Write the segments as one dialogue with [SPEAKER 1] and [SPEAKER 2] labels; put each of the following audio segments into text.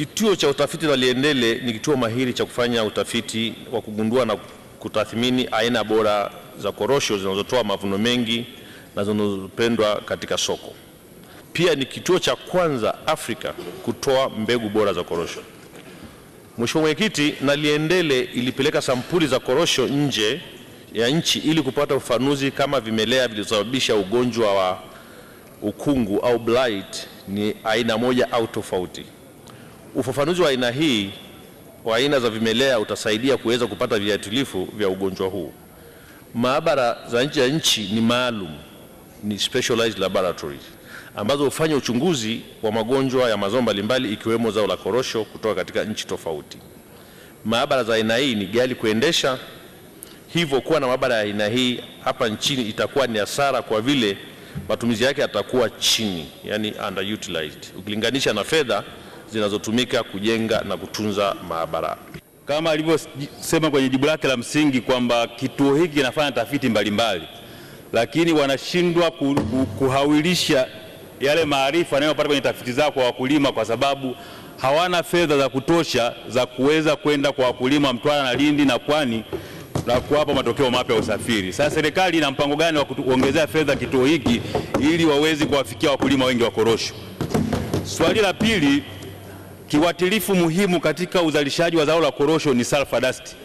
[SPEAKER 1] Kituo cha utafiti wa Liendele ni kituo mahiri cha kufanya utafiti wa kugundua na kutathmini aina bora za korosho zinazotoa mavuno mengi na zinazopendwa katika soko. Pia ni kituo cha kwanza Afrika kutoa mbegu bora za korosho. Mheshimiwa Mwenyekiti, na Liendele ilipeleka sampuli za korosho nje ya nchi ili kupata ufafanuzi kama vimelea vilivyosababisha ugonjwa wa ukungu au blight ni aina moja au tofauti. Ufafanuzi wa aina hii wa aina za vimelea utasaidia kuweza kupata viuatilifu vya ugonjwa huu. Maabara za nje ya nchi ni maalum, ni specialized laboratories ambazo hufanya uchunguzi wa magonjwa ya mazao mbalimbali ikiwemo zao la korosho kutoka katika nchi tofauti. Maabara za aina hii ni ghali kuendesha, hivyo kuwa na maabara ya aina hii hapa nchini itakuwa ni hasara kwa vile matumizi yake yatakuwa chini, yani underutilized ukilinganisha na fedha zinazotumika kujenga na kutunza maabara.
[SPEAKER 2] Kama alivyosema kwenye jibu lake la msingi kwamba kituo hiki kinafanya tafiti mbalimbali mbali, lakini wanashindwa kuhawilisha yale maarifa yanayopata kwenye tafiti zao kwa wakulima kwa sababu hawana fedha za kutosha za kuweza kwenda kwa wakulima Mtwara na Lindi na Pwani na kuwapa matokeo mapya ya usafiri. Sasa serikali ina mpango gani wa kuongezea fedha kituo hiki ili waweze kuwafikia wakulima wengi wa korosho? Swali la pili kiwatilifu muhimu katika uzalishaji wa zao la korosho ni sulfur dust.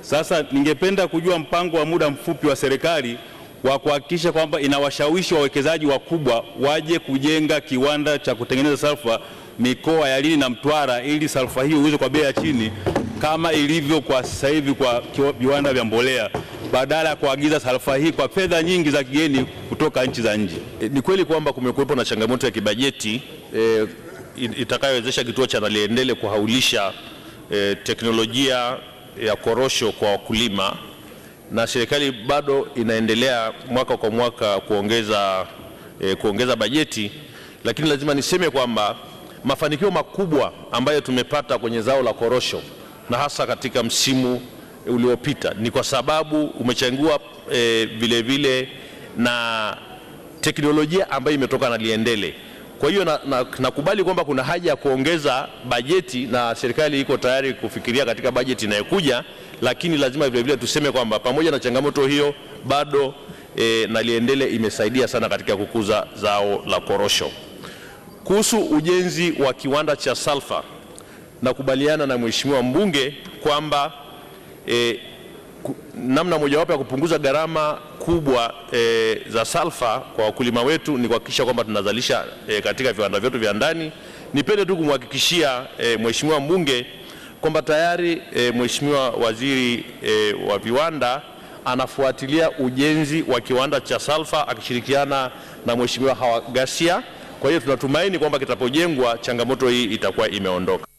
[SPEAKER 2] Sasa ningependa kujua mpango wa muda mfupi wa serikali wa kuhakikisha kwamba inawashawishi wawekezaji wakubwa waje kujenga kiwanda cha kutengeneza sulfur mikoa ya lini na Mtwara ili sulfur hiyo iuzwe kwa bei ya chini kama ilivyo kwa sasa hivi kwa viwanda vya mbolea badala ya kuagiza sulfur hii kwa fedha nyingi za kigeni kutoka nchi za nje.
[SPEAKER 1] E, ni kweli kwamba kumekuwepo na changamoto ya kibajeti e, itakayowezesha kituo cha naliendele kuhaulisha e, teknolojia ya korosho kwa wakulima, na serikali bado inaendelea mwaka kwa mwaka kuongeza, e, kuongeza bajeti, lakini lazima niseme kwamba mafanikio makubwa ambayo tumepata kwenye zao la korosho na hasa katika msimu uliopita ni kwa sababu umechangiwa e, vile vile na teknolojia ambayo imetoka na Liendele. Kwa hiyo nakubali na, na kwamba kuna haja ya kuongeza bajeti na serikali iko tayari kufikiria katika bajeti inayokuja, lakini lazima vilevile tuseme kwamba pamoja na changamoto hiyo bado e, eh, Naliendele imesaidia sana katika kukuza zao la korosho. Kuhusu ujenzi wa kiwanda cha salfa, nakubaliana na, na mheshimiwa mbunge kwamba e, namna mojawapo ya kupunguza gharama kubwa e, za salfa kwa wakulima wetu ni kuhakikisha kwamba tunazalisha e, katika viwanda vyetu vya ndani. Nipende tu kumhakikishia e, mheshimiwa mbunge kwamba tayari e, mheshimiwa waziri e, wa viwanda anafuatilia ujenzi wa kiwanda cha salfa akishirikiana na mheshimiwa Hawagasia. Kwa hiyo tunatumaini kwamba kitapojengwa changamoto hii itakuwa imeondoka.